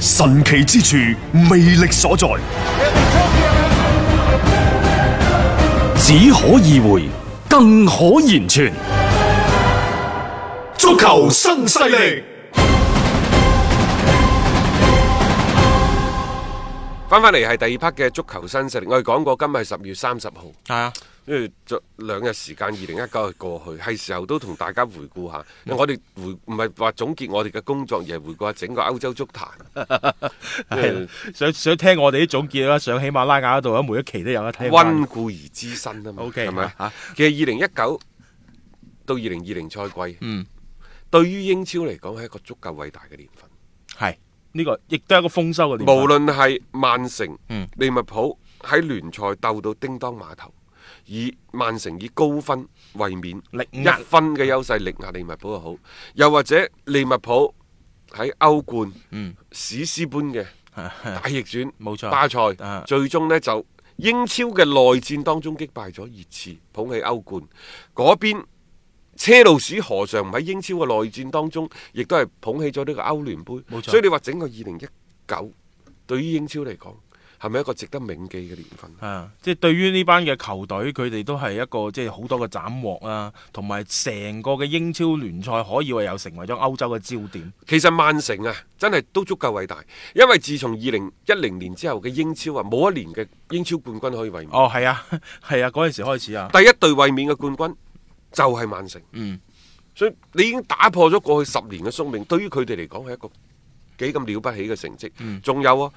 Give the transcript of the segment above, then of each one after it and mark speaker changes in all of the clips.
Speaker 1: 神奇之處，魅力所在，
Speaker 2: 只可意會，更可言傳。
Speaker 1: 足球新勢力，翻翻嚟係第二 part 嘅足球新勢力。我哋講過今，今日係十月三十號，係啊。跟住，兩日時間，二零一九就過去，係時候都同大家回顧下。我哋回唔係話總結我哋嘅工作，而係回顧下整個歐洲足壇。
Speaker 2: 想想聽我哋啲總結啦，上喜馬拉雅度，每一期都有得睇。温故
Speaker 1: 而知新啊嘛，OK 係咪嚇？其實二零一九到二零二零賽季，嗯，對於英超嚟講係一個足夠偉大嘅年份。
Speaker 2: 係呢個亦都係一個豐收嘅年。無論
Speaker 1: 係曼城、利物浦喺聯賽鬥到叮噹馬頭。以曼城以高分衛冕，力壓一分嘅優勢力壓利物浦又好，又或者利物浦喺歐冠，嗯、史詩般嘅大逆轉，冇錯、嗯，巴塞財、啊、最終咧就英超嘅內戰當中擊敗咗熱刺，捧起歐冠。嗰邊車路士何嘗唔喺英超嘅內戰當中，亦都係捧起咗呢個歐聯杯。冇錯錯，所以你話整個二零一九對於英超嚟講。係咪一個值得銘記嘅年份啊？啊，即係
Speaker 2: 對於呢班嘅球隊，佢哋都係一個即係好多嘅斬獲啊，同埋成個
Speaker 1: 嘅英超聯賽可以話又成為咗歐洲嘅焦點。其實曼城啊，真係都足夠偉大，因為自從二零一零年之後嘅英超啊，冇一年嘅英超冠軍可以衛冕。哦，係啊，係啊，嗰陣時開始啊，第一隊衛冕嘅冠軍就係曼城。嗯，所以你已經打破咗過去十年嘅宿命，對於佢哋嚟講係一個幾咁了不起嘅成績。嗯，仲有啊。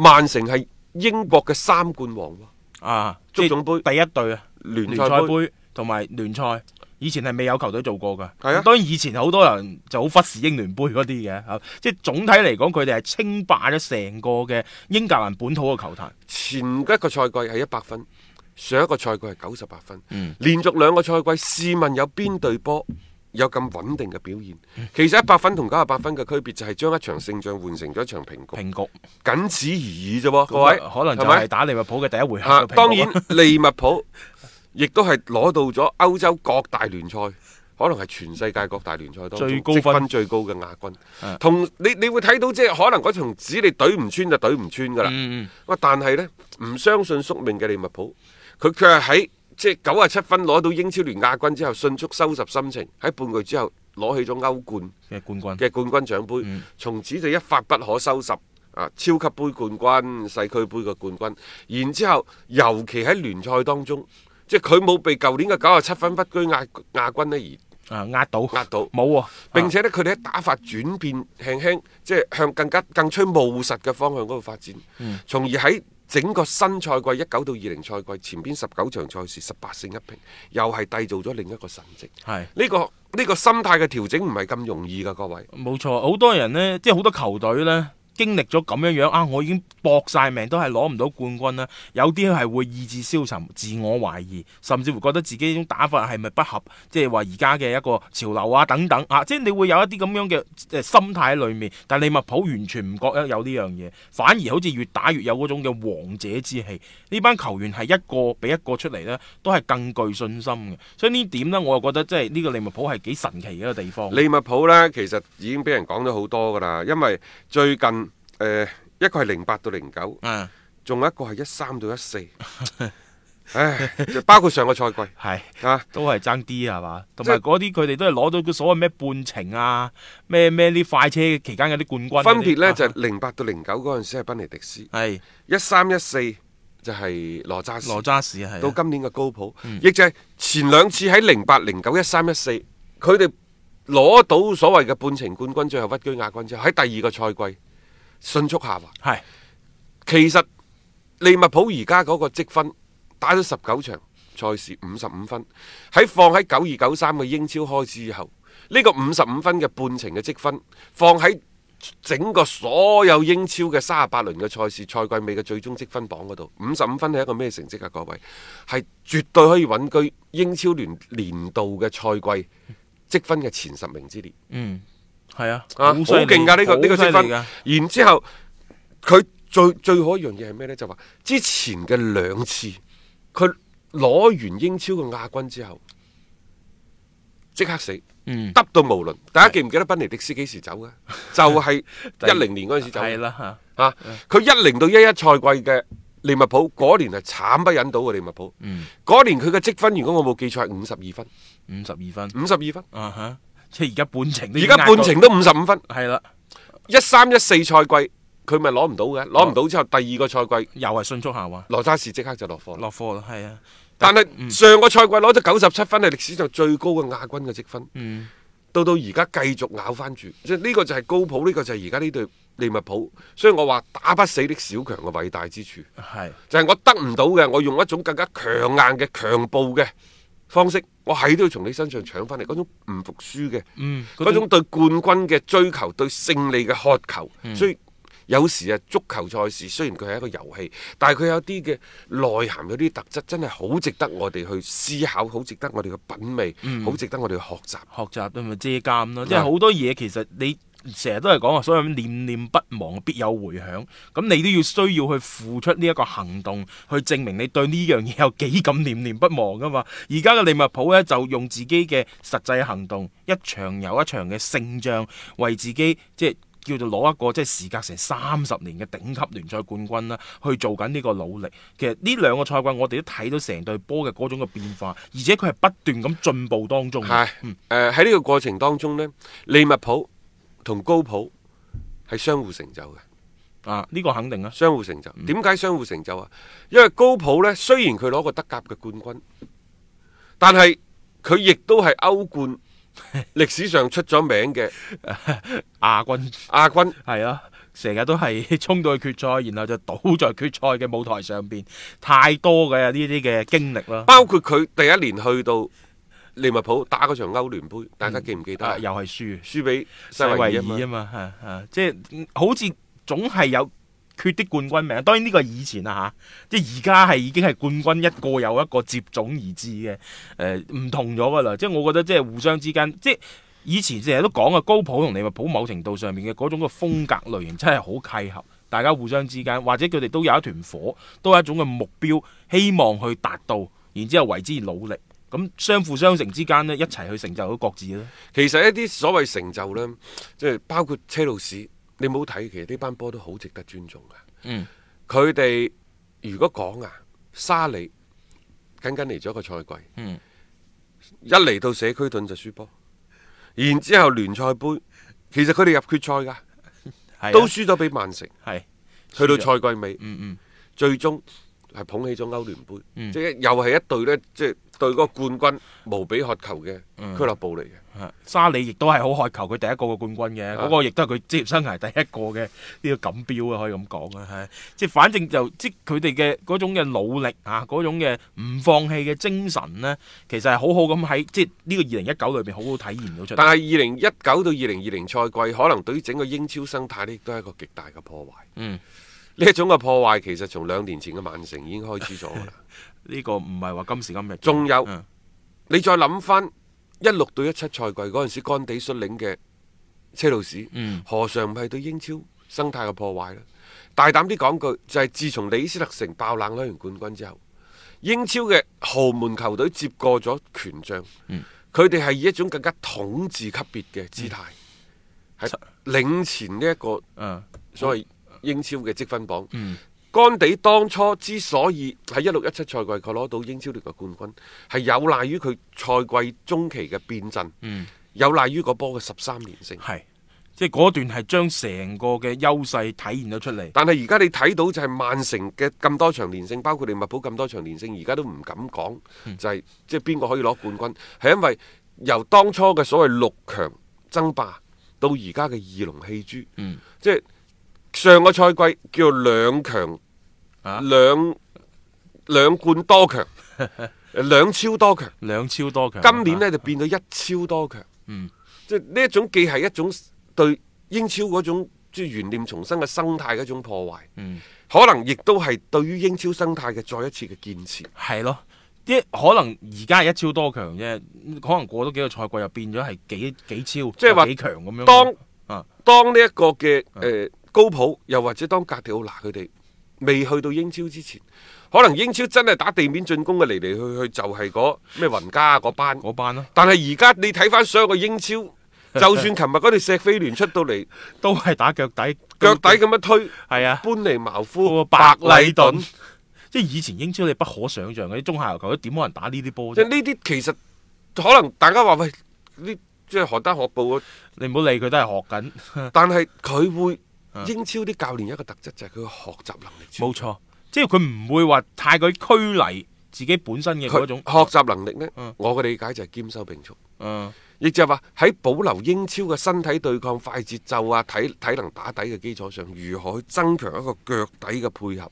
Speaker 1: 曼城係英國嘅三冠王咯，啊，足總杯第一隊啊，聯賽杯同埋聯賽，以前係未有球隊
Speaker 2: 做過噶。係啊，當然以前好多人就好忽視英聯杯嗰啲嘅，啊，即係總體嚟講，佢哋
Speaker 1: 係稱霸咗成個嘅英格蘭本土嘅球壇。前一個賽季係一百分，上一個賽季係九十八分，嗯，連續兩個賽季，試問有邊隊波？有咁穩定嘅表現，其實一百分同九十八分嘅區別就係將一場勝仗換成咗一場平局，平局僅此而，而已啫喎，那各位，可能就係打利物浦嘅第一回合。啊、局當然利物浦亦都係攞到咗歐洲各大聯賽， 可能係全世界各大聯賽當中高分，積分最高嘅亞軍。的同你你會睇到即係可能嗰場紙你懟唔穿就懟唔穿噶啦。喂、嗯，但係呢，唔相信宿命嘅利物浦，佢卻係喺。即係九啊七分攞到英超聯亞軍之後，迅速收拾心情，喺半個月之後攞起咗歐冠，嘅冠軍，嘅冠軍獎杯，從、嗯、此就一發不可收拾。啊，超級杯冠軍、西區杯嘅冠軍，然之後尤其喺聯賽當中，即係佢冇被舊年嘅九啊七分屈居亞亞軍咧而啊壓倒，壓倒冇並且呢，佢哋喺打法轉變輕輕，即係向更加更趨務實嘅方向嗰度發展，嗯、從而喺。整個新賽季一九到二零賽季，前邊十九場賽事，十八勝一平，又係締造咗另一個神跡。係。呢個、呢個心態嘅調整唔係咁容易㗎，各位。
Speaker 2: 冇錯，好多人呢，即係好多球隊呢。經歷咗咁樣樣啊，我已經搏晒命都係攞唔到冠軍啦、啊。有啲係會意志消沉、自我懷疑，甚至乎覺得自己呢種打法係咪不，不合，即係話而家嘅一個潮流啊等等啊，即係你會有一啲咁樣嘅心態喺裏面。但利物浦完全唔覺得有呢樣嘢，反而好似越打越有嗰種嘅王者之氣。呢班球員係一個比一個出嚟呢，都係更具信心嘅。所以呢點呢，我又覺得即係呢、這個利物浦係幾神奇嘅一個地方。利
Speaker 1: 物浦呢，其實已經俾人講咗好多噶啦，因為最近。誒、呃，一個係零八到零九、啊，嗯，仲有一個係一三到一四，唉，包括上個賽季係吓 是、啊、都係爭啲係嘛，同埋嗰啲佢
Speaker 2: 哋都係攞到個所謂咩半程啊，咩咩啲快車期間嘅啲冠軍分別呢，啊、就
Speaker 1: 零八到零九嗰陣時係賓尼迪斯，係一三一四就係羅渣士羅渣士係、啊、到今年嘅高普，亦、嗯、就係前兩次喺零八、零九、一三、一四，佢哋攞到所謂嘅半程冠軍，最後屈居亞軍之後喺第二個賽季。迅速下滑。係是，其實利物浦而家嗰個積分打咗十九場賽事五十五分，喺放喺九二九三嘅英超開始之後，呢個五十五分嘅半程嘅積分，放喺整個所有英超嘅三十八輪嘅賽事賽季尾嘅最終積分榜嗰度，五十五分係一個咩成績啊？各位係絕對可以穩居英超聯年，年度嘅賽季積分嘅前十名之列。嗯。係啊，好勁噶呢個呢個積分，然之後佢最最可一樣嘢係咩呢？就話之前嘅兩次，佢攞完英超嘅亞軍之後，即刻死，得到冇輪。大家記唔記得賓尼迪斯幾時走嘅？就係一零年嗰陣時走，係啦佢一零到一一賽季嘅利物浦，嗰年係慘不忍睹嘅利物浦。嗰年佢嘅積分，如果我冇記錯，係五十二分，五十二分，五十二分，啊哈。即係而家半程，而家半程都五十五分，係啦了，一三一四賽季佢咪攞唔到嘅，攞唔、哦、到之後第二個賽季又係迅速下滑，羅沙士即刻就落課，落課咯，係啊，但係是、嗯、上個賽季攞咗九十七分係歷史上最高嘅亞軍嘅積分，嗯、到到而家繼續咬翻住，即係呢個就係高普，呢、這個就係而家呢隊利物浦，所以我話打不死的小強嘅偉大之處，
Speaker 2: 係
Speaker 1: 是就係我得唔到嘅，我用一種更加強硬嘅強暴嘅方式。我係都要從你身上搶翻嚟嗰種唔服輸嘅，嗰、嗯、種，種對冠軍嘅追求、對勝利嘅渴求，嗯、所以有時啊，足球賽事雖然佢係一個遊戲，但係佢有啲嘅內涵、有啲特質，真係好值得我哋去思考，好值得我哋嘅品味，好、嗯、值得我哋去學習。
Speaker 2: 學習同埋借鑑咯，嗯、即係好多嘢其實你。成日都係講話，所以念念不忘必有回響。咁你都要需要去付出呢一個行動，去證明你對呢樣嘢有幾咁念念不忘噶嘛？而家嘅利物浦呢，就用自己嘅實際行動，一場又一場嘅勝仗，為自己即係叫做攞一個即係時隔成三十年嘅頂級聯賽冠軍啦，去做緊呢個努力。其實呢兩個賽季，我
Speaker 1: 哋都睇到成隊波嘅嗰種嘅變化，而且佢係不斷咁進步當中。係是，誒喺呢個過程當中呢，利物浦。同高普係相互成就嘅，啊呢、這個肯定啊，相互成就。點解、嗯、相互成就啊？因為高普呢，雖然佢攞過德甲嘅冠軍，但係佢亦都係歐冠歷史上出咗名嘅亞軍，亞軍係啊，
Speaker 2: 成日軍、啊、都係衝到去決賽，然後就倒在決賽嘅舞台上邊，太多嘅呢啲嘅經歷啦。
Speaker 1: 包括佢第一年去到。利物浦打嗰場歐聯杯，大家記唔記得？又係輸，輸俾西維爾啊嘛，即係
Speaker 2: 好似總係有缺啲冠軍名，當然呢個係以前啦嚇，即係而家係已經係冠軍一個又一個接踵而至嘅，誒、呃、唔同咗噶啦。即係我覺得即係互相之間，即係以前成日都講嘅高普同利物浦某程度上面嘅嗰種嘅風格類型真係好契合，大家互相之間或者佢哋都有一團火，都有一種嘅目標，希望去達到，然之後為之努力。咁相輔相成之間呢，一齊去成就到各自
Speaker 1: 咧。其實一啲所謂成就呢，即係包括車路士，你冇睇，其實呢班波都好值得尊重噶。嗯，佢哋如果講啊，沙利僅僅嚟咗一個賽季，嗯，一嚟到社區盾就輸波，然之後聯賽杯，其實佢哋入決賽噶，嗯、 都輸咗俾曼城，係去到賽季尾，嗯嗯，嗯最終，係捧起咗歐聯杯、嗯，即係又係一隊咧，即係對嗰個冠軍無比渴求嘅俱樂部嚟嘅、嗯。
Speaker 2: 沙利亦都係好渴求佢第一個嘅冠軍嘅，嗰、啊、個亦都係佢職業生涯第一個嘅呢個錦標啊，可以咁講啊，係即係反正就即佢哋嘅嗰種嘅努力啊，嗰種嘅唔放棄嘅精神呢，其實係好好咁喺即係呢個二零一九裏邊好好體現到出嚟。但係
Speaker 1: 二零一九到二零二零賽季，可能對於整個英超生態咧，都係一個極大嘅破壞。嗯。呢一種嘅破壞，其實從兩年前嘅曼城已經開始咗噶啦。呢 個唔係話今時今日，仲有、嗯、你再諗翻一六到一七賽季嗰陣時乾地率領嘅車路士，何嘗唔係對英超生態嘅破壞咧？大膽啲講句，就係、是、自從李斯特城爆冷攞完冠軍之後，英超嘅豪門球隊接過咗權杖，佢哋係以一種更加統治級別嘅姿態，喺、嗯、領前呢一個，嗯嗯、所謂。英超嘅積分榜，干、嗯、地當初之所以喺一六一七賽季佢攞到英超呢個冠軍，係有賴於佢賽季中期嘅變陣，嗯、有賴於波個波嘅十三連勝，係即係嗰段係將成個嘅優勢體現咗出嚟。但係而家你睇到就係曼城嘅咁多場連勝，包括利物浦咁多場連勝，而家都唔敢講就係、是嗯就是、即係邊個可以攞冠軍，係因為由當初嘅所謂六強爭霸到而家嘅二龍戲珠，即係、嗯。上個賽季叫做兩強，兩兩冠多強，兩超多強，兩超多強。今年呢就變到一超多強。嗯，即係呢一種既係一種對英超嗰種即係懸念重生嘅生態嘅一種破壞。嗯，可能亦都係對於英超生態嘅再一次嘅建設。係咯，啲可能而家係一超多強啫，可能過咗幾個賽季又變咗係幾幾超，即係話幾強咁樣。當當呢一個嘅誒。高普又或者當格迪奧拿佢哋未去到英超之前，可能英超真係打地面進攻嘅嚟嚟去去就係嗰咩雲加嗰班嗰班咯、啊。但係而家你睇翻所有嘅英超， 就算琴日嗰隊石飛聯出到嚟，都係打腳底，腳底咁樣推係啊，都搬嚟茅夫、啊、白禮頓，董即係以前英超你
Speaker 2: 不可想象嘅啲中下游球隊點可能打呢啲波？即係呢啲其實可能大家話喂，呢即係邯鄲學步你唔好理佢都係學緊，
Speaker 1: 但係佢會。英超啲教練有一個特質就係佢嘅學習能力。冇錯，即係佢唔會話太過拘泥自己本身嘅嗰種學習能力咧。嗯、我嘅理解就係兼收並蓄。亦、嗯、就係話，喺保留英超嘅身體對抗、快節奏啊、體體能打底嘅基礎上，如何去增強一個腳底嘅配合。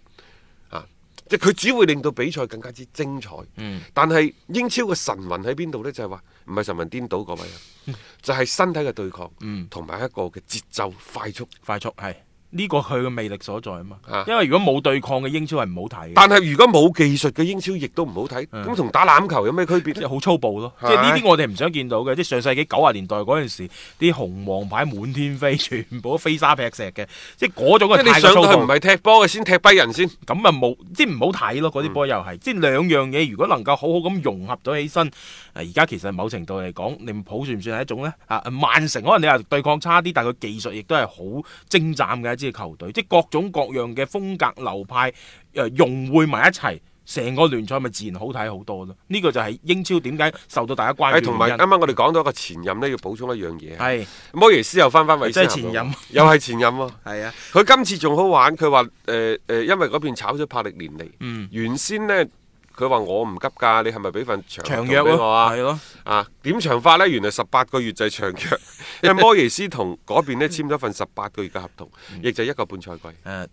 Speaker 1: 即係佢只會令到比賽更加之精彩，嗯、但係英超嘅神魂喺邊度呢？就係話唔係神魂顛倒嗰位啊，嗯、就係身體嘅對抗，同埋、嗯、一個嘅節奏快速，快速，係。呢個
Speaker 2: 佢嘅魅力所在啊嘛，因為如果冇對抗嘅英超係唔好睇嘅。但
Speaker 1: 係如果冇技術嘅英超亦都唔好睇，咁同的打籃球有咩區別？即係好粗暴咯，即係呢啲
Speaker 2: 我哋唔想見到嘅。即係上世紀九十年代嗰陣時，啲紅黃牌滿天飛，全部都飛沙劈石嘅，即係嗰種嘅。即係你唔係踢波嘅，先踢低人先。咁啊冇，即係唔好睇咯。嗰啲波又係，即係兩樣嘢如果能夠好好咁融合咗起身。而家其實某程度嚟講，利物浦算唔算係一種咧？啊，曼城可能你話對抗差啲，但係佢技術亦都係好精湛嘅。支球隊即係各種各樣嘅風格流派誒、呃、融匯埋一齊，成個聯賽咪自然好睇好多咯。呢、這個就係英超點解受到大家關注。同埋啱啱
Speaker 1: 我哋講到一個前任呢，要補充一樣嘢。係是莫耶斯又翻翻位，即係前任又係前任。係吧 啊，佢、 啊、今次仲好玩，佢話誒誒，因為嗰邊炒咗帕利連嚟，嗯、原先呢。佢話我唔急㗎，你係咪俾份長長約我啊？係咯，啊點長法呢？原來十八個月就係長約，因 為 莫耶斯同嗰邊呢，簽咗份十八個月嘅合同，亦、嗯、就一個半賽季。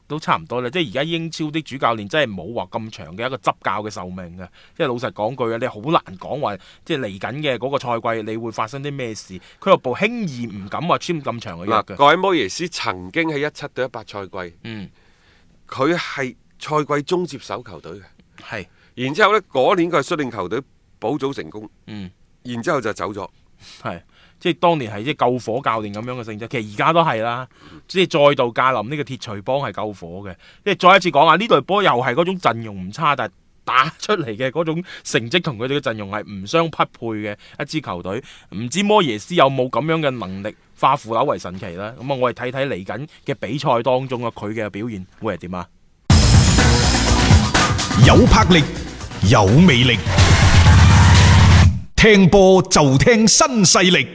Speaker 2: 都差唔多啦。即係而家英超啲主教練真係冇話咁長嘅一個執教嘅壽命嘅。即係老實講句啊，你好難講話，即係嚟緊嘅嗰個賽季你會發生啲咩事。俱樂部輕易唔敢話簽咁長嘅約㗎、啊。各位，
Speaker 1: 莫耶斯曾經喺一七到一八賽季，佢係、嗯、賽季中接手球隊嘅，係。然之後咧，嗰年佢係率領球隊保組成功，嗯，然之後就走咗，係，
Speaker 2: 即係當年係即救火教練咁樣嘅性質，其實而家都係啦，嗯、即係再度駕臨呢個鐵錘幫係救火嘅，即係再一次講一下呢隊波又係嗰種陣容唔差，但係打出嚟嘅嗰種成績同佢哋嘅陣容係唔相匹配嘅一支球隊，唔知莫耶斯有冇咁樣嘅能力化腐朽為神奇啦？咁啊，我哋睇睇嚟緊嘅比賽當中啊，佢嘅表現會係點啊？有魄力，
Speaker 1: 有魅力，聽波就聽新勢力。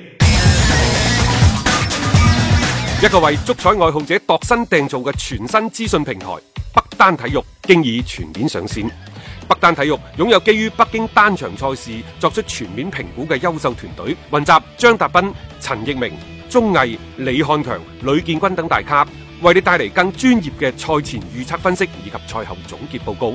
Speaker 1: 一個為足彩愛好者度身訂造嘅全新資訊平台北單體育，經已全面上綫。北單體育擁有基於北京單場賽事作出全面評估嘅優秀團隊，雲集張達斌、陳奕明、鍾毅、李漢強、呂建軍等大咖，為你帶嚟更專業嘅賽前預測分析以及賽後總結報告。